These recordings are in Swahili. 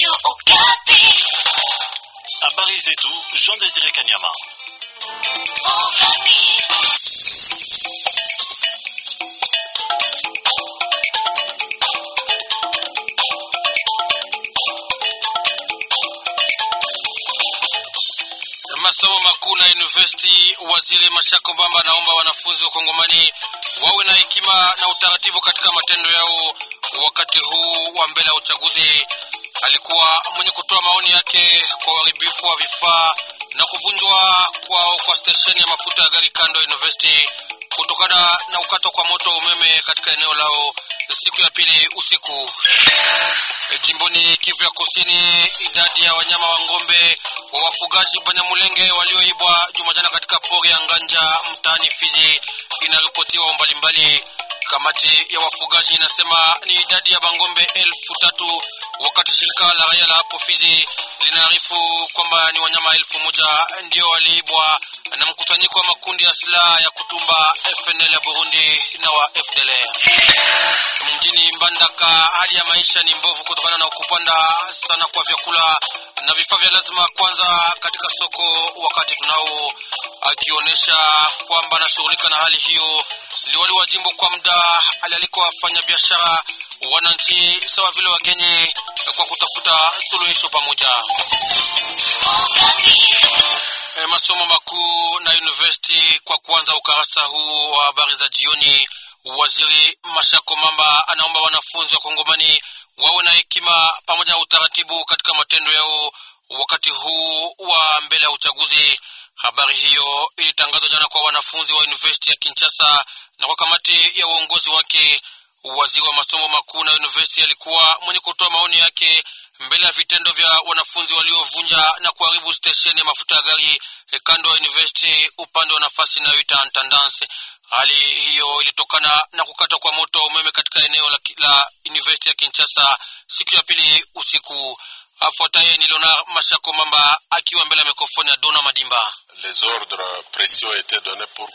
Radio Okapi. Habari zetu Jean Kanyama. Okapi. Masomo makuu na university, waziri Mashako Mbamba naomba wanafunzi wa Kongomani wawe na hekima na utaratibu katika matendo yao wakati huu wa mbele ya uchaguzi alikuwa mwenye kutoa maoni yake kwa uharibifu wa vifaa na kuvunjwa kwao kwa stesheni ya mafuta ya gari kando ya university kutokana na ukato kwa moto umeme katika eneo lao siku ya pili usiku. E, jimboni Kivu ya Kusini, idadi ya wanyama wa ng'ombe wa wafugaji Banyamulenge walioibwa Jumajana katika pori ya Nganja mtaani Fizi inaripotiwa mbalimbali. Kamati ya wafugaji inasema ni idadi ya mang'ombe elfu tatu wakati shirika la raia la hapo Fizi linaarifu kwamba ni wanyama elfu moja ndio waliibwa na mkusanyiko wa makundi ya silaha ya kutumba FNL ya Burundi na wa FDLR mjini Mbandaka. Hali ya maisha ni mbovu kutokana na kupanda sana kwa vyakula na vifaa vya lazima kwanza katika soko, wakati tunao akionyesha kwamba anashughulika na hali hiyo liwali wa jimbo kwa muda alialikwa wafanya biashara, wananchi sawa vile wageni kwa kutafuta suluhisho pamoja. E, masomo makuu na university kwa kuanza ukarasa huu wa habari za jioni. Waziri Mashako Mamba anaomba wanafunzi wa Kongomani wawe na hekima pamoja na utaratibu katika matendo yao wakati huu wa mbele ya uchaguzi. Habari hiyo ilitangazwa jana kwa wanafunzi wa university ya Kinshasa na kwa kamati ya uongozi wake. Waziri wa masomo makuu na university alikuwa mwenye kutoa maoni yake mbele ya vitendo vya wanafunzi waliovunja na kuharibu stesheni ya mafuta ya gari eh, kando ya university upande wa nafasi inayoita Intendance. Hali hiyo ilitokana na kukata kwa moto wa umeme katika eneo la, la university ya Kinshasa siku ya pili usiku. Afuataye ni Leonard Mashako Mamba akiwa mbele ya mikrofoni ya Dona Madimba.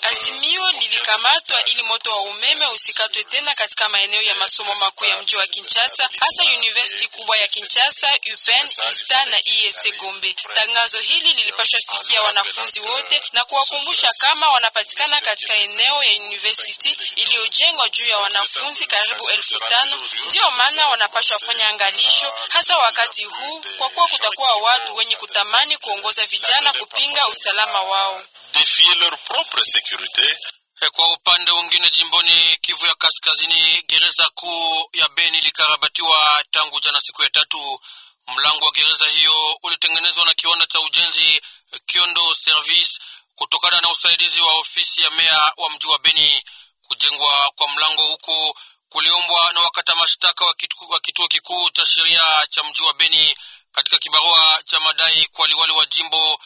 Azimio lilikamatwa ili moto wa umeme usikatwe tena katika maeneo ya masomo makuu ya mji wa Kinshasa, hasa university kubwa ya Kinshasa, UPEN, ISTA na IES Gombe. Tangazo hili lilipashwa fikia wanafunzi wote na kuwakumbusha kama wanapatikana katika eneo ya university iliyojengwa juu ya wanafunzi karibu elfu tano. Ndiyo maana wanapashwa fanya angalisho, hasa wakati huu, kwa kuwa kutakuwa watu wenye kutamani kuongoza vijana kupinga usalama usalama wao leur propre Kwa upande mwingine, jimboni Kivu ya Kaskazini, gereza kuu ya Beni ilikarabatiwa tangu jana siku ya tatu. Mlango wa gereza hiyo ulitengenezwa na kiwanda cha ujenzi Kiondo Service kutokana na usaidizi wa ofisi ya meya wa mji wa Beni. Kujengwa kwa mlango huku kuliombwa na wakata mashtaka wa kituo kikuu cha sheria cha mji wa Beni katika kibarua cha madai kwa liwali wa jimbo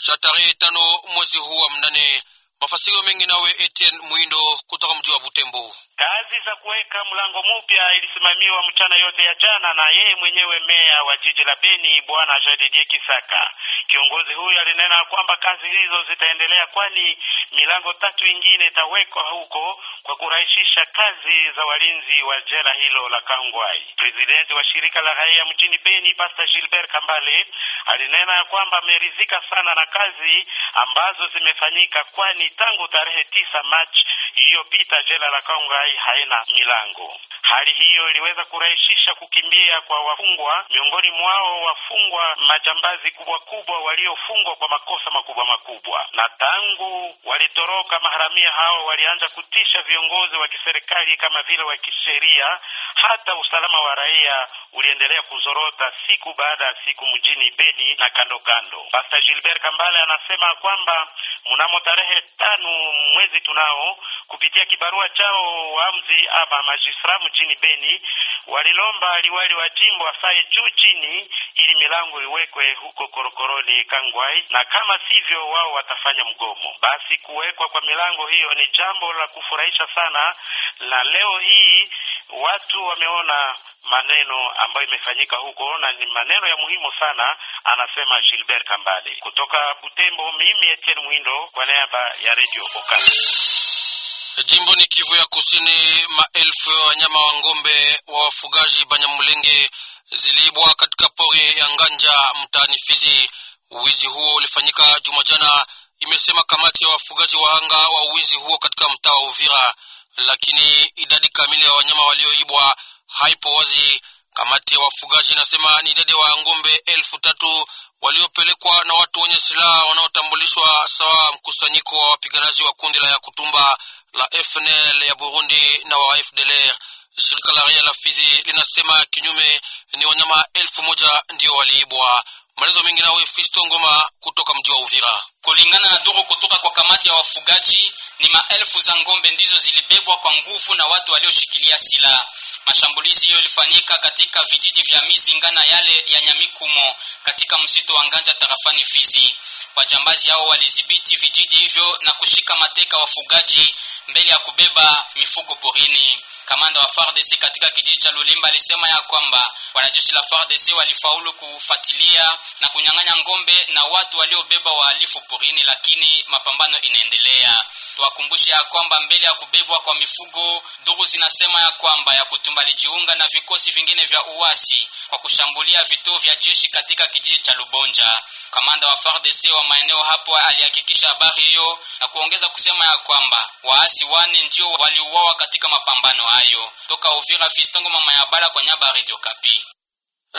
cha tarehe tano mwezi huu wa mnane. Mafasirio mengi nawe Etienne Mwindo kutoka mji wa Butembo. Kazi za kuweka mlango mpya ilisimamiwa mchana yote ya jana na yeye mwenyewe meya wa jiji la Beni, bwana Jadidie Kisaka. Kiongozi huyo alinena kwamba kazi hizo zitaendelea, kwani Milango tatu ingine itawekwa huko kwa kurahisisha kazi za walinzi wa jela hilo la Kangwai. Presidenti wa shirika la raia mjini Beni, Pastor Gilbert Kambale, alinena ya kwamba ameridhika sana na kazi ambazo zimefanyika, kwani tangu tarehe tisa Machi iliyopita jela la Kangwai haina milango. Hali hiyo iliweza kurahisisha kukimbia kwa wafungwa, miongoni mwao wafungwa majambazi kubwa kubwa waliofungwa kwa makosa makubwa makubwa, na tangu wa walitoroka, maharamia hao walianza kutisha viongozi wa kiserikali kama vile wa kisheria. Hata usalama wa raia uliendelea kuzorota siku baada ya siku mjini Beni na kando kando. Pastor Gilbert Kambale anasema kwamba mnamo tarehe tano mwezi tunao kupitia kibarua chao waamzi ama majistra mjini Beni walilomba liwali wa jimbo asaye juu chini ili milango iwekwe huko korokoroni Kangwai, na kama sivyo wao watafanya mgomo. Basi kuwekwa kwa milango hiyo ni jambo la kufurahisha sana, na leo hii watu wameona maneno ambayo imefanyika huko na ni maneno ya muhimu sana, anasema Gilbert Kambale kutoka Butembo. Mimi Etienne Mwindo kwa niaba ya Radio Okapi. ni Kivu ya Kusini, maelfu ya wanyama wa ng'ombe wa wafugaji Banyamulenge ziliibwa katika pori ya Nganja mtaani Fizi. Wizi huo ulifanyika jumajana jana imesema kamati ya wafugaji wa anga wa uwizi huo katika mtaa wa Uvira, lakini idadi kamili ya wanyama walioibwa haipo wazi. Kamati ya wafugaji inasema ni idadi ya wa ng'ombe elfu tatu waliopelekwa na watu wenye silaha wanaotambulishwa sawa mkusanyiko wa wapiganaji wa kundi la ya kutumba la FNL ya Burundi na wa FDLR. Shirika la raia la Fizi linasema kinyume ni wanyama elfu moja ndio waliibwa. Maelezo mengi nawe Fisto Ngoma kutoka mji wa Uvira. Kulingana na duru kutoka kwa kamati ya wafugaji, ni maelfu za ngombe ndizo zilibebwa kwa nguvu na watu walioshikilia silaha. Mashambulizi hiyo ilifanyika katika vijiji vya Mizinga na yale ya Nyamikumo katika msitu wa Nganja tarafani Fizi. Wajambazi hao walidhibiti vijiji hivyo na kushika mateka wafugaji mbele ya kubeba mifugo porini. Kamanda wa FARDC katika kijiji cha Lulimba alisema ya kwamba wanajeshi la FARDC walifaulu kufuatilia na kunyang'anya ngombe na watu waliobeba wahalifu porini, lakini mapambano inaendelea. Tuwakumbushe ya kwamba mbele ya kubebwa kwa mifugo, ndugu zinasema ya kwamba ya kutumba lijiunga na vikosi vingine vya uasi kwa kushambulia vituo vya jeshi katika kijiji cha Lubonja. Kamanda wa FARDC wa maeneo hapo alihakikisha habari hiyo na kuongeza kusema ya kwamba waasi wane ndio waliuawa katika mapambano hayo toka Uvira. Fistongo mama ya bala kwa nyaba Radio Kapi.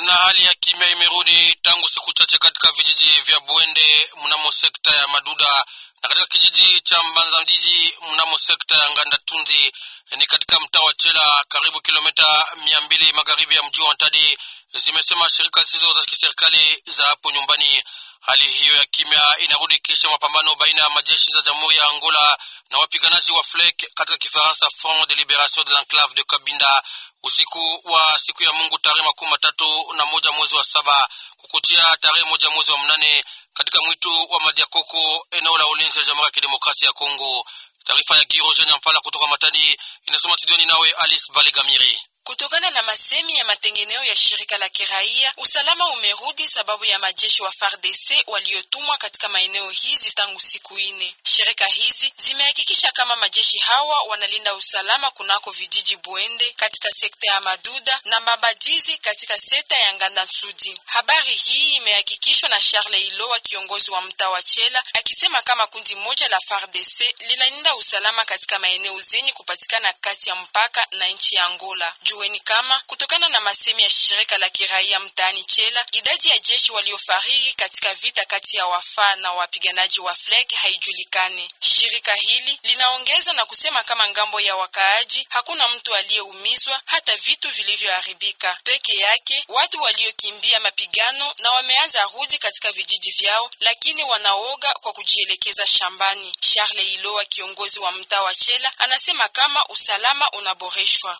Na hali ya kimya imerudi tangu siku chache katika vijiji vya Bwende mnamo sekta ya Maduda na katika kijiji cha Mjiji mnamo sekta ya Ngandatunzi ni katika mtaa wa Chela karibu kilomita mia mbili magharibi ya mji wa Matadi, zimesema shirika zisizo za kiserikali za hapo nyumbani. Hali hiyo ya kimya inarudi kisha mapambano baina ya majeshi za Jamhuri ya Angola na wapiganaji wa FLEC katika Kifaransa, Front de Liberation de l'Enclave de Kabinda usiku wa siku ya Mungu tarehe makumi matatu na moja mwezi wa saba kukutia tarehe moja mwezi wa mnane katika mwitu wa Madiakoko, eneo la ulinzi la Jamhuri ya Kidemokrasia ya Kongo. Taarifa ya Jean Nyampala kutoka Matani inasoma studioni nawe Alice Baligamiri. Kutokana na masemi ya matengeneo ya shirika la kiraia, usalama umerudi sababu ya majeshi wa FARDC waliotumwa katika maeneo hizi tangu siku ine. Shirika hizi zimehakikisha kama majeshi hawa wanalinda usalama kunako vijiji Bwende katika sekta ya Maduda na Mabadizi katika sekta ya Nganda Nsudi. Habari hii imehakikishwa na Charles wa kiongozi wa mtaa wa Chela, akisema kama kundi moja la FARDC linalinda usalama katika maeneo zenye kupatikana kati ya mpaka na nchi ya Angola. Ju Jueni kama kutokana na masemi ya shirika la kiraia mtaani Chela, idadi ya jeshi waliofariki katika vita kati ya wafaa na wapiganaji wa FLEG haijulikani. Shirika hili linaongeza na kusema kama ngambo ya wakaaji hakuna mtu aliyeumizwa hata vitu vilivyoharibika. Peke yake watu waliokimbia mapigano na wameanza rudi katika vijiji vyao, lakini wanaoga kwa kujielekeza shambani. Charles Iloa, kiongozi wa mtaa wa Chela, anasema kama usalama unaboreshwa.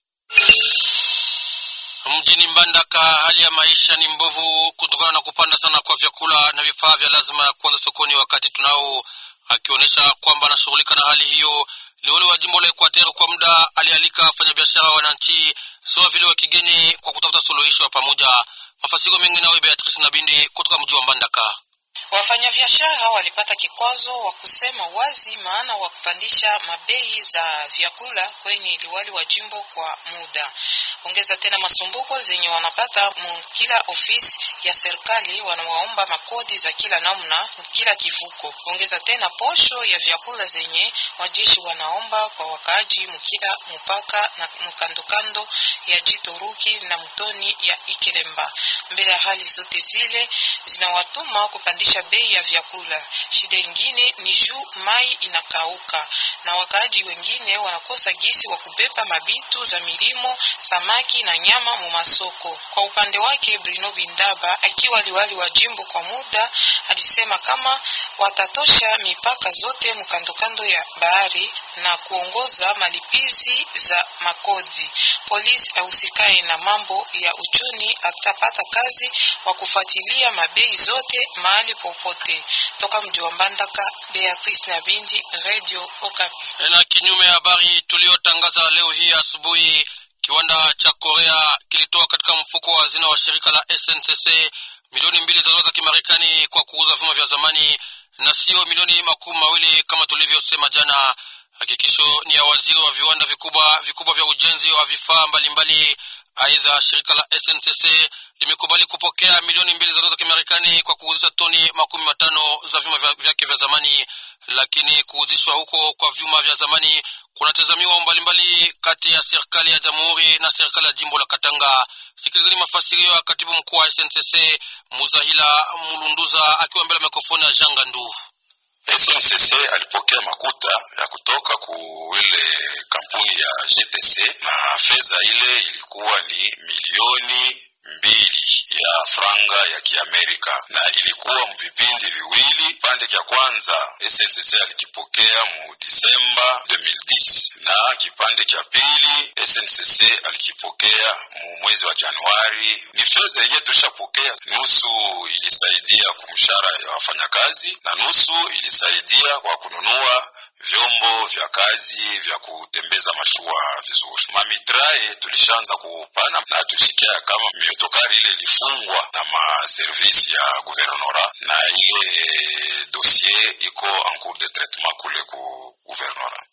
Mjini Mbandaka hali ya maisha ni mbovu kutokana na kupanda sana kwa vyakula na vifaa vya lazima ya kwanza sokoni wakati tunao. Akionyesha kwamba anashughulika na hali hiyo, liwali wa jimbo la Ekwateri kwa muda alialika wafanyabiashara wananchi sawa vile wa kigeni kwa kutafuta suluhisho ya pamoja. Mafasiko mengi nawe Beatrice Nabindi kutoka mji wa Mbandaka. Wafanyabiashara walipata kikwazo wa kusema wazi maana wa kupandisha mabei za vyakula kwenye liwali wa jimbo kwa muda. Ongeza tena masumbuko zenye wanapata mkila ofisi ya serikali, wanawaomba makodi za kila namna kila kivuko. Ongeza tena posho ya vyakula zenye wajeshi wanaomba kwa wakaaji mkila mpaka na mkandokando ya Jitoruki na mtoni ya Ikelemba. Mbele ya hali zote zile zinawatuma kupandisha cha bei ya vyakula. Shida ingine ni juu mai inakauka na wakaaji wengine wanakosa gisi wa kubeba mabitu za milimo, samaki na nyama mu masoko. Kwa upande wake, Bruno Bindaba akiwa liwali wa jimbo kwa muda alisema kama watatosha mipaka zote mkandokando ya bahari na kuongoza malipizi za makodi. Polisi ahusikaye na mambo ya uchuni atapata kazi wa kufuatilia mabei zote mahali popote. Toka mji wa Mbandaka, Beatrice na Bindi, Radio Okapi. Na kinyume habari tuliyotangaza leo hii asubuhi, kiwanda cha Korea kilitoa katika mfuko wa hazina wa shirika la SNCC milioni mbili za dola za Kimarekani kwa kuuza vyuma vya zamani na sio milioni makumi mawili kama tulivyosema jana. Hakikisho ni ya waziri wa viwanda vikubwa vikubwa vya ujenzi wa vifaa mbalimbali. Aidha, shirika la SNCC limekubali kupokea milioni mbili za dola za Kimarekani kwa kuuzisha toni makumi matano za vyuma vyake vya zamani, lakini kuuzishwa huko kwa vyuma vya zamani kunatazamiwa mbalimbali kati ya serikali ya jamhuri na serikali ya jimbo la Katanga. Sikilizeni mafasirio ya katibu mkuu wa SNCC Muzahila Mulunduza akiwa mbele ya mikrofoni ya Jean Gandu. SNCC alipokea makuta ya kutoka ku ile kampuni ya GTC na fedha ile ilikuwa ni milioni mbili ya franga ya Kiamerika na ilikuwa mvipindi viwili. Kipande cha kwanza SNCC alikipokea mu Disemba 2010 na kipande cha pili SNCC alikipokea mu mwezi wa Januari. Ni fedha yenyewe tulishapokea, nusu ilisaidia kumshara ya wafanyakazi na nusu ilisaidia kwa kununua vyombo vya kazi vya kutembeza mashua vizuri. Mamitraye tulishaanza kupana na tulisikia kama miotokari ile ilifungwa na maservisi ya guvernora, na ile dossier iko en cours de traitement kule ku guvernora.